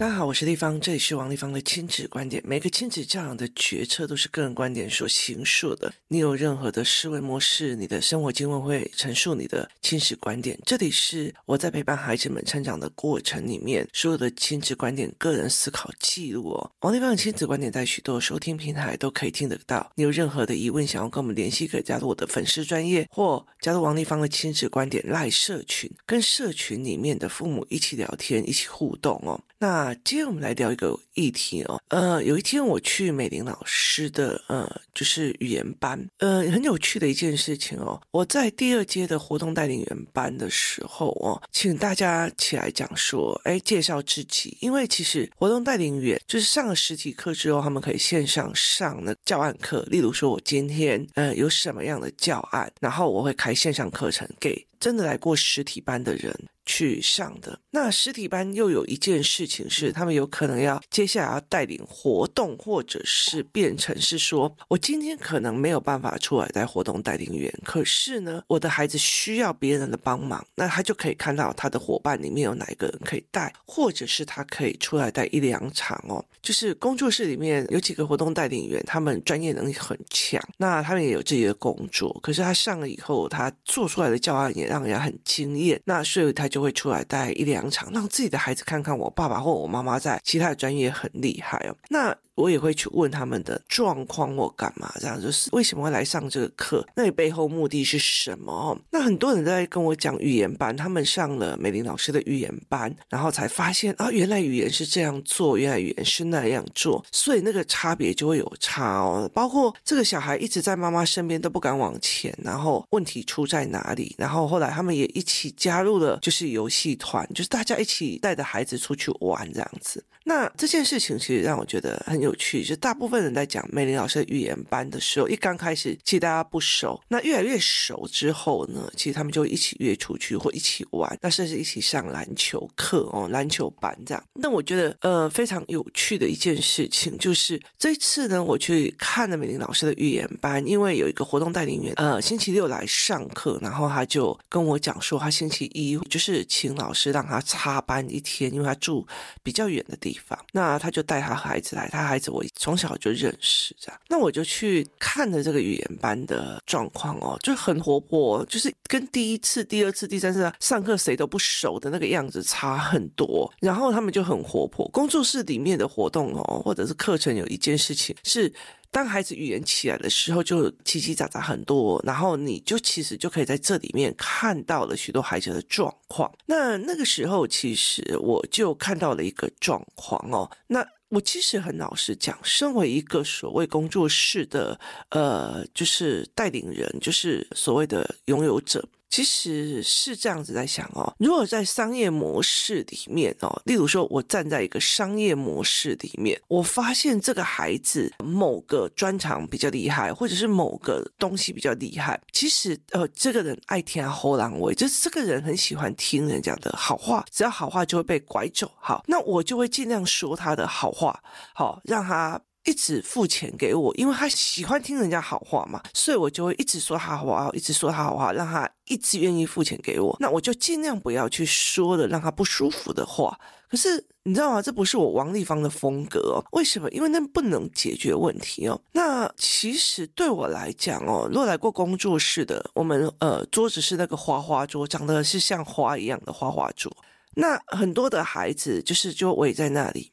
大家好，我是麗芳，這裡是王麗芳的親子觀點。每個親子教養的決策都是個人觀點所形述的。你有任何的思維模式，你的生活經驗會陳述你的親子觀點。這裡是我在陪伴孩子們成長的過程裡面所有的親子觀點、個人思考記錄哦。王麗芳的親子觀點在許多收聽平台都可以聽得到。你有任何的疑問，想要跟我們聯繫，可以加入我的粉絲專頁，或加入王麗芳的親子觀點賴社群，跟社群裡面的父母一起聊天，一起互動哦。那今天我們來聊一個議題哦，呃，有一天我去美璘老師的，呃，就是語言班，呃，很有趣的一件事情哦。我在第二階的活動帶領員班的時候哦，請大家起來講說，哎，介紹自己，因為其實活動帶領員就是上了實體課之後，他們可以線上上那教案課，例如說我今天，呃，有什麼樣的教案，然後我會開線上課程給真的來過實體班的人。去上的那實體班又有一件事情是，他們有可能要接下來要帶領活動，或者是變成是說，我今天可能沒有辦法出來帶活動帶領員，可是呢，我的孩子需要別人的幫忙，那他就可以看到他的夥伴裡面有哪一個人可以帶，或者是他可以出來帶一兩場哦。就是工作室裡面有幾個活動帶領員，他們專業能力很強，那他們也有自己的工作，可是他上了以後，他做出來的教案也讓人家很驚艷，那所以他就會出來帶一兩場，讓自己的孩子看看我爸爸或我媽媽在其他的專業很厲害哦。那。我也會去問他們的狀況，我幹嘛這樣？就是為什麼會來上這個課？那你背後目的是什麼？那很多人都在跟我講語言班，他們上了美璘老師的語言班，然後才發現啊，原來語言是這樣做，原來語言是那樣做，所以那個差別就會有差哦。包括這個小孩一直在媽媽身邊都不敢往前，然後問題出在哪裡？然後後來他們也一起加入了，就是遊戲團，就是大家一起帶着孩子出去玩這樣子。那這件事情其實讓我覺得很有。去就大部分人在講美璘老師的語言班的時候，一剛開始其實大家不熟，那越來越熟之後呢，其實他們就一起約出去或一起玩，那甚至一起上籃球課哦，籃球班這樣。那我覺得呃非常有趣的一件事情就是這一次呢，我去看了美璘老師的語言班，因為有一個活動帶領員，呃，星期六來上課，然後他就跟我講說，他星期一就是請老師讓他插班一天，因為他住比較遠的地方，那他就帶他孩子來，他還。我從小就認識這樣，那我就去看了這個語言班的狀況哦，就很活潑哦，就是跟第一次、第二次、第三次上課誰都不熟的那個樣子差很多。然後他們就很活潑，工作室裡面的活動哦，或者是課程有一件事情是。當孩子語言起來的時候，就嘰嘰喳喳很多，然後你就其實就可以在這裡面看到了許多孩子的狀況。那那個時候，其實我就看到了一個狀況哦。那我其實很老實講，身為一個所謂工作室的，呃，就是帶領人，就是所謂的擁有者。其實是這樣子在想哦，如果在商業模式裡面哦，例如說我站在一個商業模式裡面，我發現這個孩子某個專長比較厲害，或者是某個東西比較厲害，其實呃，這個人愛聽後狼尾，就是這個人很喜歡聽人講的好話，只要好話就會被拐走，好，那我就會儘量說他的好話，好，讓他。一直付錢給我，因為他喜歡聽人家好話嘛，所以我就會一直說他好話，一直說他好話，讓他一直願意付錢給我。那我就盡量不要去說的讓他不舒服的話。可是你知道嗎？這不是我王立芳的風格。哦。為什麼？因為那不能解決問題哦。那其實對我來講哦，若來過工作室的，我們呃桌子是那個花花桌，長得是像花一樣的花花桌。那很多的孩子就是就圍在那裡。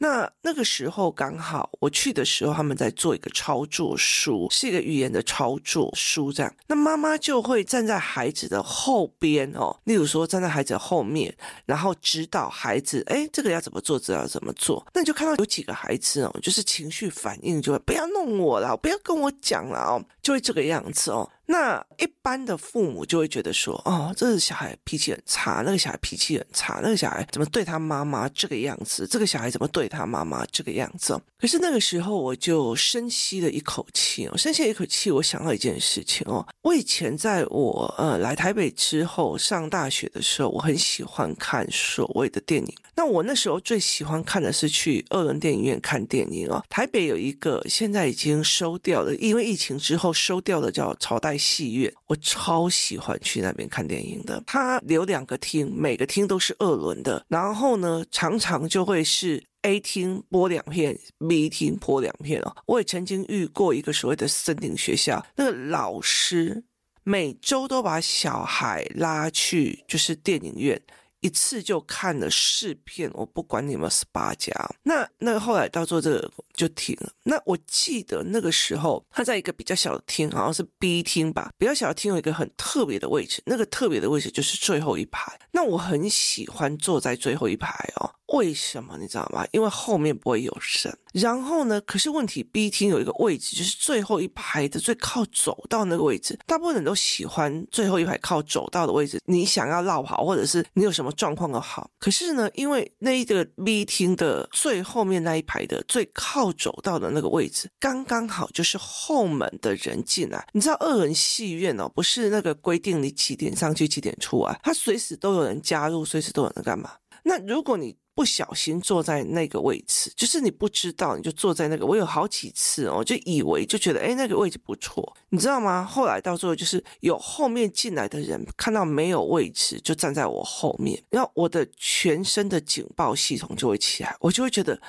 那那個時候剛好，我去的時候他們在做一個操作書，是一個語言的操作書這樣。那媽媽就會站在孩子的後邊哦，例如說站在孩子的後面，然後指導孩子，哎，這個要怎麼做，這個要怎麼做。那你就看到有幾個孩子哦，就是情緒反應就會不要弄我啦，不要跟我講啦哦，就會這個樣子哦。那一般的父母就會覺得說，哦，這是、個、小孩脾氣很差，那個小孩脾氣很差，那個小孩怎麼對他媽媽這個樣子，這個小孩怎麼對他媽媽這個樣子？可是那個時候我就深吸了一口氣，深吸了一口氣，我想到一件事情哦，我以前在我呃、嗯、來台北之後上大學的時候，我很喜歡看所謂的電影。那我那時候最喜歡看的是去二輪電影院看電影哦，台北有一個現在已經收掉了，因為疫情之後收掉的叫朝代。戲院，我超喜歡去那邊看電影的。它留兩個廳，每個廳都是二輪的。然後呢，常常就會是 A 廳播兩片，B 廳播兩片哦。我也曾經遇過一個所謂的森林學校，那個老師每周都把小孩拉去，就是電影院。一次就看了四片，我不管你有沒有 SPA 加。那那後來到做這個就停了。那我記得那個時候他在一個比較小的廳，好像是 B 廳吧，比較小的廳有一個很特別的位置，那個特別的位置就是最後一排。那我很喜歡坐在最後一排哦。為什麼你知道嗎？因為後面不會有聲。然後呢，可是問題 B 廳有一個位置，就是最後一排的最靠走道那個位置，大部分人都喜歡最後一排靠走道的位置。你想要落跑，或者是你有什麼狀況都好。可是呢，因為那一個 B 廳的最後面那一排的最靠走道的那個位置，剛剛好就是後門的人進來。你知道，二人戲院哦，不是那個規定你幾點上去幾點出來、啊，它隨時都有人加入，隨時都有人幹嘛。那如果你。不小心坐在那個位置，就是你不知道，你就坐在那個。我有好幾次哦，我就以為就覺得，誒，那個位置不錯，你知道嗎？後來到最後，就是有後面進來的人看到沒有位置，就站在我後面，然後我的全身的警報系統就會起來，我就會覺得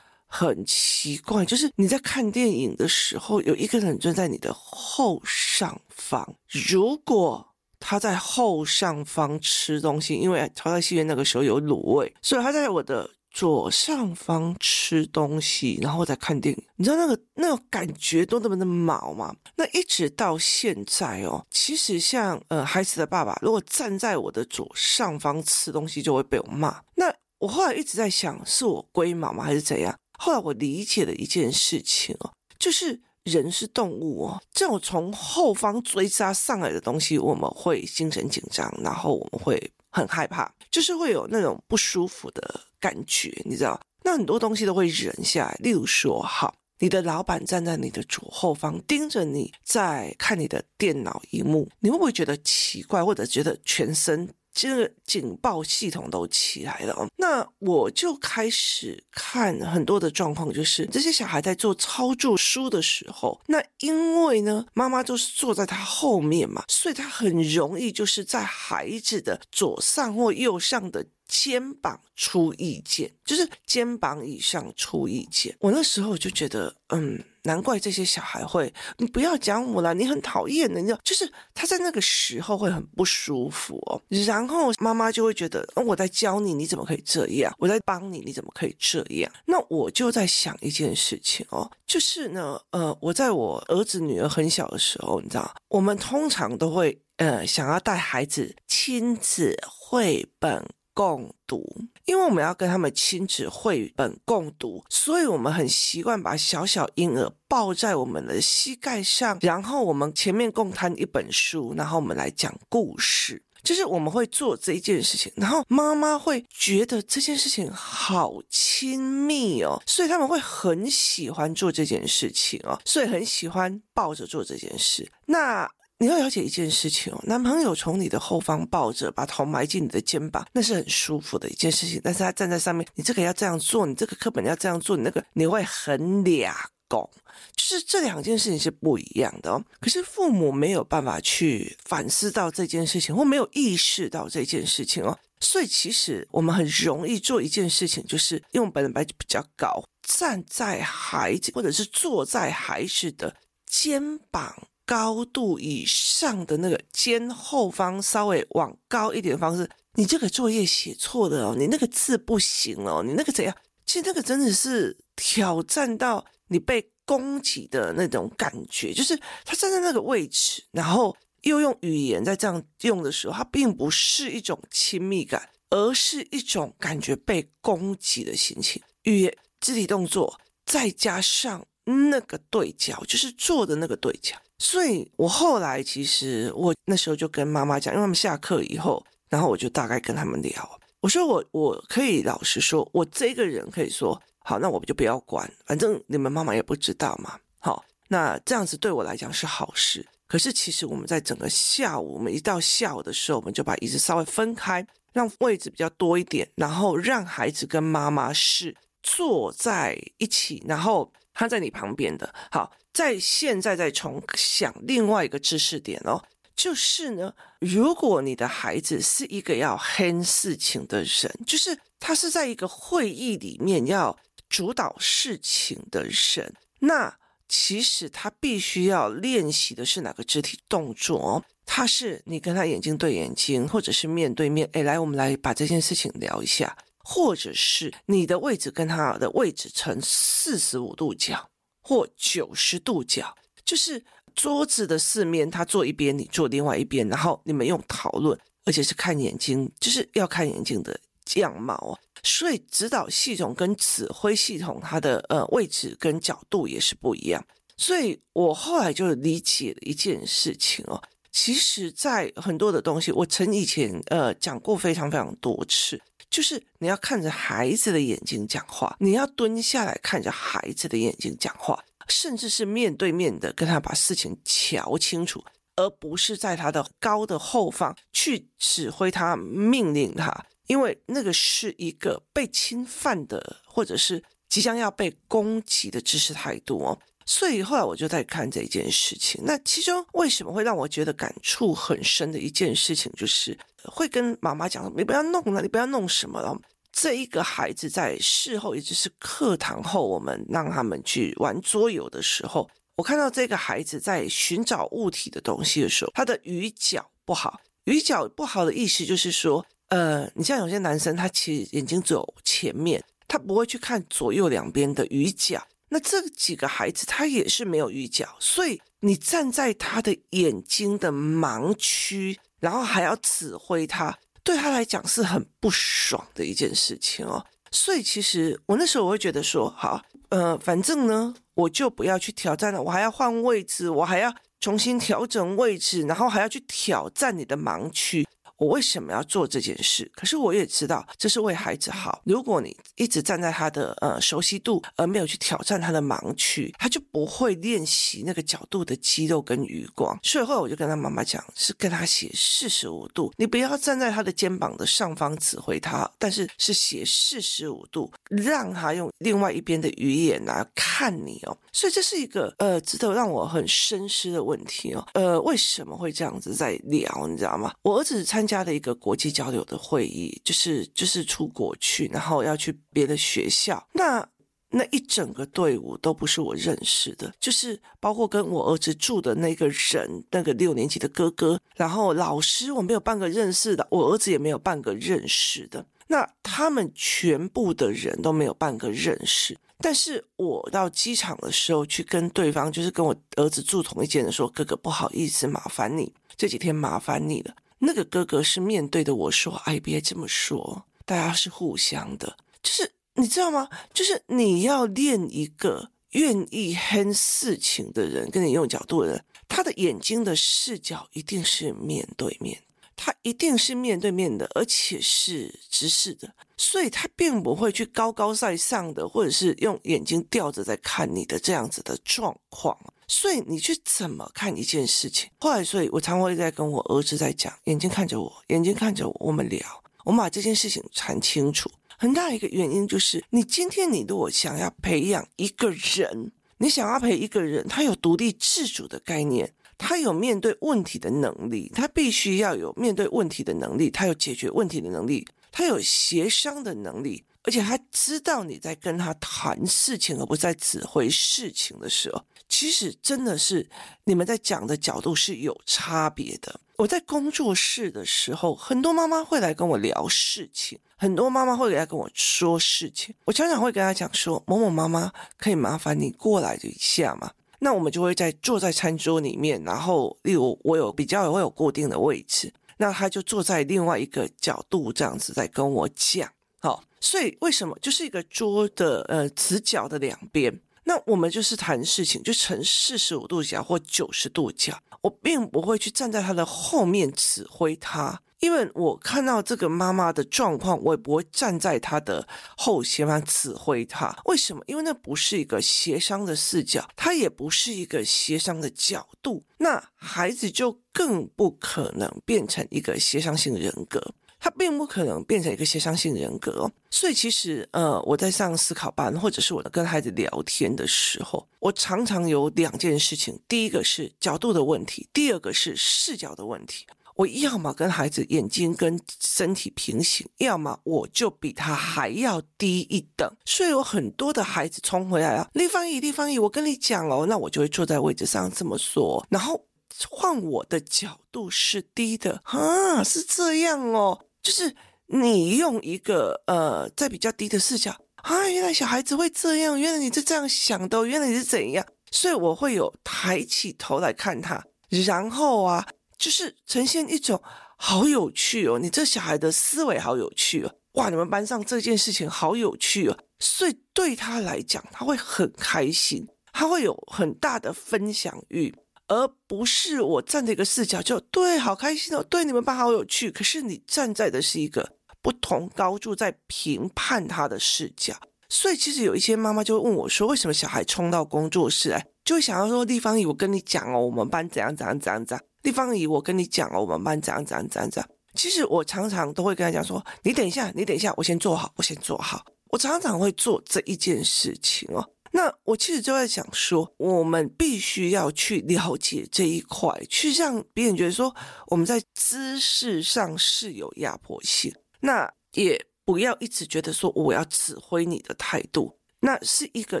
很奇怪，就是你在看電影的時候，有一個人站在你的後上方，如果。他在後上方吃東西，因為他在戲院那個時候有滷味，所以他在我的左上方吃東西，然後再看電影。你知道那個那個感覺都那麼的毛嗎？那一直到現在哦，其實像呃孩子的爸爸如果站在我的左上方吃東西，就會被我罵。那我後來一直在想，是我龜毛嗎，還是怎樣？後來我理解了一件事情哦，就是。人是動物哦，這種從後方追殺上來的東西，我們會精神緊張，然後我們會很害怕，就是會有那種不舒服的感覺，你知道？那很多東西都會忍下來，例如說，哈，你的老闆站在你的左後方盯着你在看你的電腦螢幕，你會不會覺得奇怪，或者覺得全身？這個警報系統都起來了，那我就開始看很多的狀況，就是這些小孩在做操作書的時候，那因為呢，媽媽都是坐在他後面嘛，所以他很容易就是在孩子的左上或右上的肩膀出意見，就是肩膀以上出意見。我那時候就覺得，嗯，難怪這些小孩會，你不要講我了，你很討厭的，你知道，就是他在那個時候會很不舒服哦。然後媽媽就會覺得，嗯，我在教你，你怎麼可以這樣？我在幫你，你怎麼可以這樣？那我就在想一件事情哦，就是呢，呃，我在我兒子女兒很小的時候，你知道，我們通常都會呃想要帶孩子親子繪本。共讀，因為我們要跟他們親子繪本共讀，所以我們很習慣把小小嬰兒抱在我們的膝蓋上，然後我們前面共攤一本書，然後我們來講故事，就是我們會做這一件事情，然後媽媽會覺得這件事情好親密哦，所以他們會很喜歡做這件事情哦，所以很喜歡抱着做這件事。那。你要了解一件事情哦，男朋友從你的後方抱着，把頭埋進你的肩膀，那是很舒服的一件事情。但是他站在上面，你這個要這樣做，你這個課本要這樣做，你那個你會很倆拱，就是這兩件事情是不一樣的哦。可是父母沒有辦法去反思到這件事情，或沒有意識到這件事情哦。所以其實我們很容易做一件事情，就是用本來比較高，站在孩子或者是坐在孩子的肩膀。高度以上的那個肩後方，稍微往高一點的方式，你這個作業寫錯的哦，你那個字不行哦，你那個怎樣？其實那個真的是挑戰到你被攻擊的那種感覺，就是他站在那個位置，然後又用語言在這樣用的時候，它並不是一種親密感，而是一種感覺被攻擊的心情。語言、肢體動作，再加上那個對角，就是坐的那個對角。所以，我後來其實我那時候就跟媽媽講，因為他們下課以後，然後我就大概跟他們聊，我說我我可以老實說，我這個人可以說好，那我們就不要管，反正你們媽媽也不知道嘛。好，那這樣子對我來講是好事。可是其實我們在整個下午，我們一到下午的時候，我們就把椅子稍微分開，讓位置比較多一點，然後讓孩子跟媽媽是坐在一起，然後。他在你旁邊的。好，在現在再重想另外一個知識點哦，就是呢，如果你的孩子是一個要黑事情的人，就是他是在一個會議裡面要主導事情的人，那其實他必須要練習的是哪個肢體動作？他是你跟他眼睛對眼睛，或者是面對面，哎，來，我們來把這件事情聊一下。或者是你的位置跟他的位置呈四十五度角或九十度角，就是桌子的四面，他坐一邊，你坐另外一邊，然後你們用討論，而且是看眼睛，就是要看眼睛的樣貌。所以指導系統跟指揮系統，它的呃位置跟角度也是不一樣。所以我後來就理解了一件事情哦，其實在很多的東西，我曾以前呃講過非常非常多次。就是你要看着孩子的眼睛講話，你要蹲下來看着孩子的眼睛講話，甚至是面對面的跟他把事情瞧清楚，而不是在他的高的後方去指揮他、命令他，因為那個是一個被侵犯的或者是即將要被攻擊的姿勢態度哦。所以後來我就在看這一件事情。那其中為什麼會讓我覺得感觸很深的一件事情，就是會跟媽媽講，你不要弄了，你不要弄什麼了。」這一個孩子在事後，也就是課堂後，我們讓他們去玩桌遊的時候，我看到這個孩子在尋找物體的東西的時候，他的餘角不好。餘角不好的意思就是說，呃，你像有些男生，他其實眼睛只有前面，他不會去看左右兩邊的餘角。那這幾個孩子，他也是沒有預覺，所以你站在他的眼睛的盲區，然後還要指揮他，對他來講是很不爽的一件事情哦。所以其實我那時候我會覺得說，好，呃，反正呢，我就不要去挑戰了，我還要換位置，我還要重新調整位置，然後還要去挑戰你的盲區。我為什麼要做這件事？可是我也知道這是為孩子好。如果你一直站在他的呃熟悉度，而沒有去挑戰他的盲區，他就不會練習那個角度的肌肉跟餘光。所以後來我就跟他媽媽講，是跟他斜四十五度，你不要站在他的肩膀的上方指揮他，但是是斜四十五度，讓他用另外一邊的餘眼來、啊、看你哦。所以這是一個呃值得讓我很深思的問題哦。呃，為什麼會這樣子在聊？你知道嗎？我兒子參加。加了一個國際交流的會議，就是就是出國去，然後要去別的學校。那那一整個隊伍都不是我認識的，就是包括跟我兒子住的那個人，那個六年級的哥哥，然後老師我沒有半個認識的，我兒子也沒有半個認識的。那他們全部的人都沒有半個認識。但是我到機場的時候去跟對方，就是跟我兒子住同一間的，說：“哥哥，不好意思，麻煩你這幾天麻煩你了。”那個哥哥是面對着我說：“哎，別這麼說，大家是互相的。”就是你知道嗎？就是你要練一個願意哼事情的人，跟你用角度的人，他的眼睛的視角一定是面對面。.他一定是面對面的，而且是直視的，所以他並不會去高高在上的，或者是用眼睛吊着在看你的這樣子的狀況。所以你去怎麼看一件事情？後來，所以我常會在跟我兒子在講，眼睛看着我，眼睛看着我，我們聊，我們把這件事情談清楚。很大一個原因就是，你今天你如果想要培養一個人，你想要陪一個人，他有獨立自主的概念。他有面對問題的能力，他必須要有面對問題的能力，他有解決問題的能力，他有協商的能力，而且他知道你在跟他談事情，而不是在指揮事情的時候，其實真的是你們在講的角度是有差別的。我在工作室的時候，很多媽媽會來跟我聊事情，很多媽媽會來跟我說事情，我常常會跟他講說：“某某媽媽，可以麻煩你過來一下嗎？”那我們就會在坐在餐桌裡面，然後例如我有比較會有固定的位置，那他就坐在另外一個角度這樣子在跟我講，好，所以為什麼就是一個桌的呃直角的兩邊，那我們就是談事情就呈四十五度角或九十度角，我並不會去站在他的後面指揮他。因為我看到這個媽媽的狀況，我也不會站在她的後斜方指揮她。為什麼？因為那不是一個協商的視角，它也不是一個協商的角度。那孩子就更不可能變成一個協商性人格，他並不可能變成一個協商性人格。所以，其實呃，我在上思考班，或者是我跟孩子聊天的時候，我常常有兩件事情：第一個是角度的問題，第二個是視角的問題。我要麼跟孩子眼睛跟身體平行，要麼我就比他還要低一等。所以有很多的孩子衝回來啊！立方一，立方一，我跟你講哦，那我就會坐在位置上這麼說。然後換我的角度是低的啊，是這樣哦。就是你用一個呃，在比較低的視角啊，原來小孩子會這樣，原來你是這樣想的，原來你是怎樣。所以我會有抬起頭來看他，然後啊。就是呈現一種好有趣哦，你這小孩的思維好有趣哦，哇，你們班上這件事情好有趣哦，所以對他來講，他會很開心，他會有很大的分享欲，而不是我站在一個視角就，就對，好開心哦，對你們班好有趣。可是你站在的是一個不同高度在評判他的視角，所以其實有一些媽媽就會問我說，為什麼小孩衝到工作室來，就會想要說麗芳我跟你講哦，我們班怎樣怎樣怎樣怎樣。地方姨，我跟你講哦，我們班長怎樣怎樣怎樣。其實我常常都會跟他講說，你等一下，你等一下，我先做好，我先做好。我常常會做這一件事情哦。那我其實就在想說，我們必須要去了解這一塊，去讓別人覺得說我們在姿勢上是有壓迫性，那也不要一直覺得說我要指揮你的態度。那是一個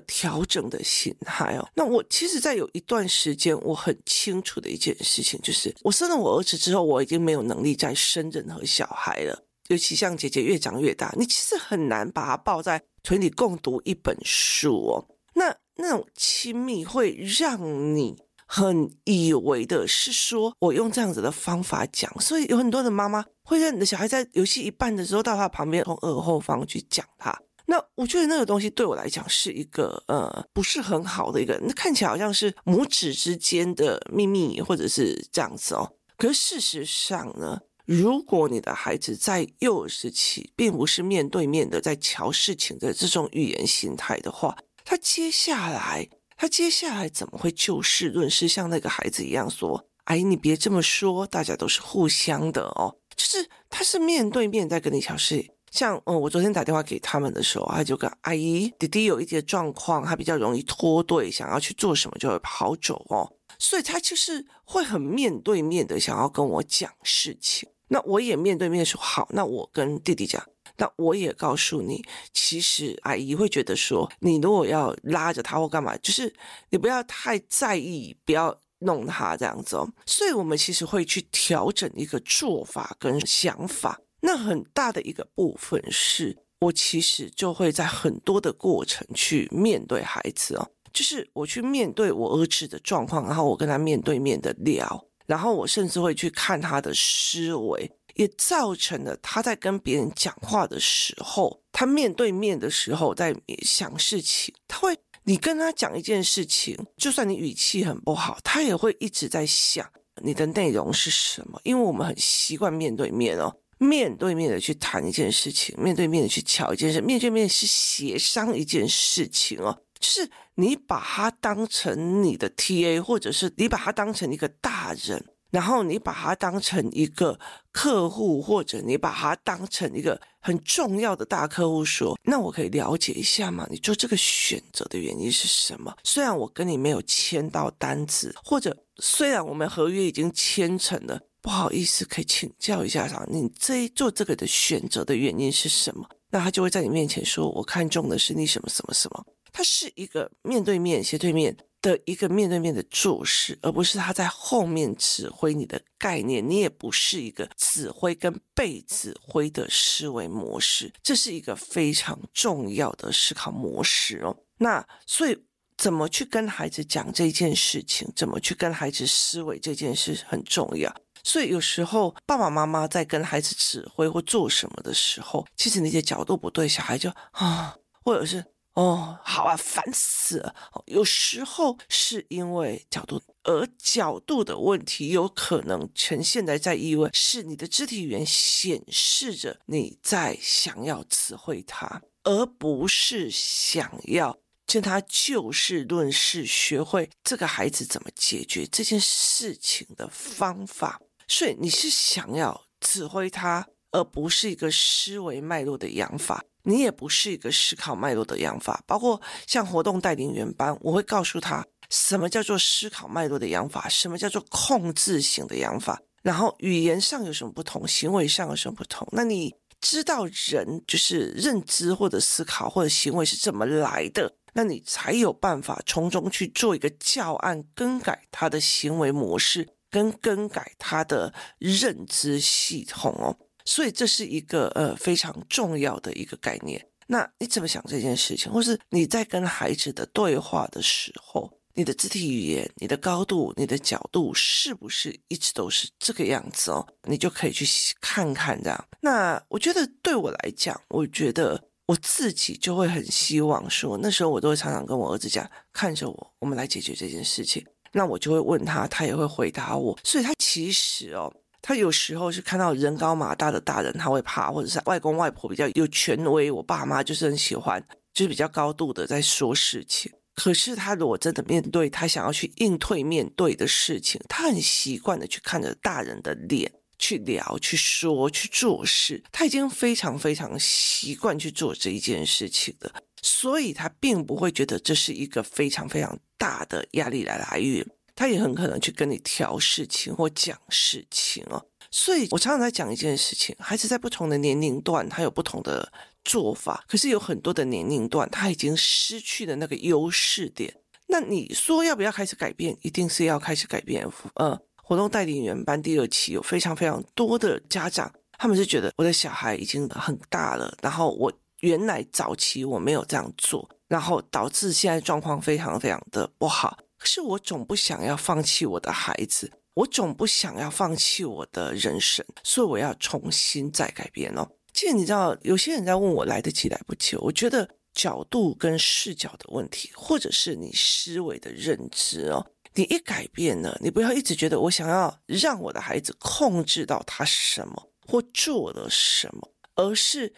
調整的心態哦。那我其實，在有一段時間，我很清楚的一件事情，就是我生了我兒子之後，我已經沒有能力再生任何小孩了。尤其像姐姐越長越大，你其實很難把她抱在腿裡共讀一本書哦。那那種親密會讓你很以為的是說，我用這樣子的方法講，所以有很多的媽媽會讓你的小孩在遊戲一半的時候到她旁邊，從耳後方去講她。那我覺得那個東西對我來講是一個呃，不是很好的一個，那看起來好像是母子之間的秘密或者是這樣子哦。可是事實上呢，如果你的孩子在幼兒時期並不是面對面的在喬事情的這種語言心態的話，他接下來他接下來怎麼會就事論事像那個孩子一樣說：“哎，你別這麼說，大家都是互相的哦。”就是他是面對面在跟你喬事情。像嗯，我昨天打電話給他們的時候，他就跟阿姨弟弟有一些狀況，他比較容易脫隊，想要去做什麼就會跑走哦，所以他就是會很面對面的想要跟我講事情，那我也面對面說好，那我跟弟弟講，那我也告訴你，其實阿姨會覺得說，你如果要拉着他或幹嘛，就是你不要太在意，不要弄他這樣子哦，所以我們其實會去調整一個做法跟想法。那很大的一個部分是我其實就會在很多的過程去面對孩子哦，就是我去面對我兒子的狀況，然後我跟他面對面的聊，然後我甚至會去看他的思維，也造成了他在跟別人講話的時候，他面對面的時候在想事情，他會，你跟他講一件事情，就算你語氣很不好，他也會一直在想你的內容是什麼，因為我們很習慣面對面哦。面對面的去談一件事情，面對面的去瞧一件事，面對面是協商一件事情哦，就是你把他當成你的 TA，或者是你把他當成一個大人，然後你把他當成一個客戶，或者你把他當成一個很重要的大客戶，說，那我可以了解一下嗎？你做這個選擇的原因是什麼？雖然我跟你沒有簽到單子，或者雖然我們合約已經簽成了。不好意思，可以請教一下，他你這一做這個的選擇的原因是什麼？那他就會在你面前說，我看中的是你什麼什麼什麼。他是一個面對面、斜對面的一個面對面的注視，而不是他在後面指揮你的概念。你也不是一個指揮跟被指揮的思維模式，這是一個非常重要的思考模式哦。那所以，怎麼去跟孩子講這件事情？怎麼去跟孩子思維這件事很重要。所以有時候爸爸媽，媽媽在跟孩子指揮或做什麼的時候，其實你的角度不對，小孩就啊，或者是哦，好啊，煩死了。有時候是因為角度，而角度的問題有可能呈現的在，在意味是你的肢體語言顯示着你在想要指揮他，而不是想要跟他就事論事，學會這個孩子怎麼解決這件事情的方法。所以你是想要指揮他，而不是一個思維脈絡的養法，你也不是一個思考脈絡的養法。包括像活動帶領員班，我會告訴他什麼叫做思考脈絡的養法，什麼叫做控制型的養法，然後語言上有什麼不同，行為上有什麼不同。那你知道人就是認知或者思考或者行為是怎麼來的，那你才有辦法從中去做一個教案，更改他的行為模式，跟更改他的認知系統哦，所以這是一個呃非常重要的一個概念。那你怎麼想這件事情？或是你在跟孩子的對話的時候，你的肢體語言、你的高度、你的角度，是不是一直都是這個樣子哦？你就可以去看看這樣。那我覺得對我來講，我覺得我自己就會很希望說，那時候我都會常常跟我兒子講，看着我，我們來解決這件事情。那我就會問他，他也會回答我。所以，他其實哦，他有時候是看到人高馬大的大人，他會怕，或者是外公外婆比較有權威。我爸媽就是很喜歡，就是比較高度的在說事情。可是，他如果真的面對他想要去應對面對的事情，他很習慣的去看着大人的臉去聊、去說、去做事。他已經非常非常習慣去做這一件事情了。所以他並不會覺得這是一個非常非常大的壓力來的來源，他也很可能去跟你挑事情或講事情哦，所以我常常在講一件事情，孩子在不同的年齡段他有不同的做法，可是有很多的年齡段他已經失去了那個優勢點。那你說要不要開始改變？一定是要開始改變。呃，活動帶領員班第二期有非常非常多的家長，他們是覺得我的小孩已經很大了，然後我。原來早期我沒有這樣做，然後導致現在狀況非常非常的不好。可是我總不想要放棄我的孩子，我總不想要放棄我的人生，所以我要重新再改變哦。既然你知道，有些人在問我來得及來不及，我覺得角度跟視角的問題，或者是你思維的認知哦。你一改變了，你不要一直覺得我想要讓我的孩子控制到他什麼或做了什麼，而是。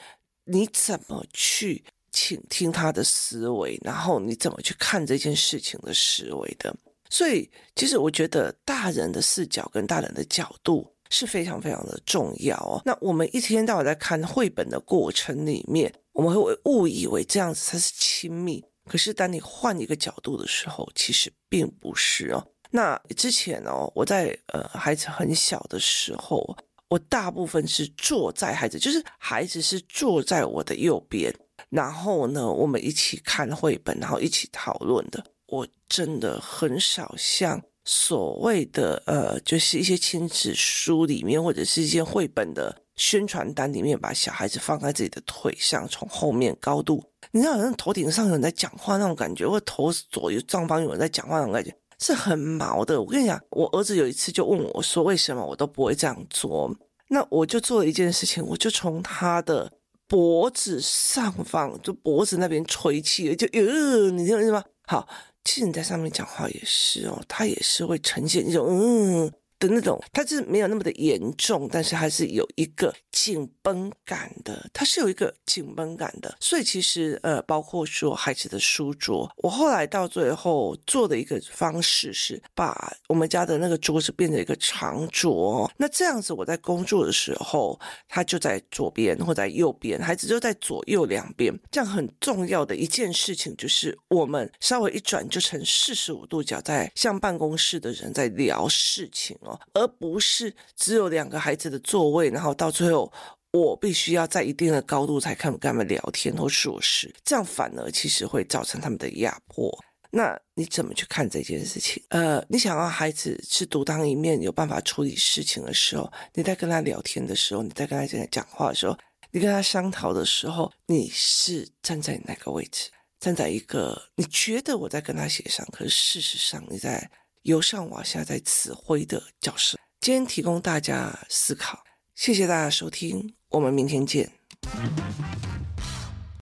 你怎麼去傾聽他的思維，然後你怎麼去看這件事情的思維的？所以，其實我覺得大人的視角跟大人的角度是非常非常的重要。那我們一天到晚在看繪本的過程裡面，我們會誤以為這樣子才是親密，可是當你換一個角度的時候，其實並不是哦。那之前哦，我在呃孩子很小的時候。我大部分是坐在孩子，就是孩子是坐在我的右邊，然後呢，我們一起看繪本，然後一起討論的。我真的很少像所謂的呃，就是一些親子書裡面或者是一些繪本的宣傳單裡面，把小孩子放在自己的腿上，從後面高度，你知道好像頭頂上有人在講話那種感覺，或者頭左右上方有人在講話那種感覺。是很毛的。我跟你講，我兒子有一次就問我，說為什麼我都不會這樣做？那我就做了一件事情，我就從他的脖子上方，就脖子那邊吹氣，就嗯、呃，你聽懂意思嗎？好，其實你在上面講話也是哦，他也是會呈現一種嗯。的那種，它是沒有那麼的嚴重，但是還是有一個緊繃感的。它是有一個緊繃感的，所以其實呃，包括說孩子的書桌，我後來到最後做的一個方式是把我們家的那個桌子變成一個長桌哦。那這樣子，我在工作的時候，他就在左邊或在右邊，孩子就在左右兩邊。這樣很重要的一件事情就是，我們稍微一轉就成四十五度角，在像辦公室的人在聊事情哦。而不是只有兩個孩子的座位，然後到最後我必須要在一定的高度才看，跟他們聊天或做事，這樣反而其實會造成他們的壓迫。那你怎麼去看這件事情？呃，你想要孩子是獨當一面，有辦法處理事情的時候，你在跟他聊天的時候，你在跟他講講話的時候，你跟他商討的時候，你是站在哪個位置？站在一個你覺得我在跟他協商，可是事實上你在。由上往下在指揮的教室，今天提供大家思考。謝謝大家收聽，我們明天見。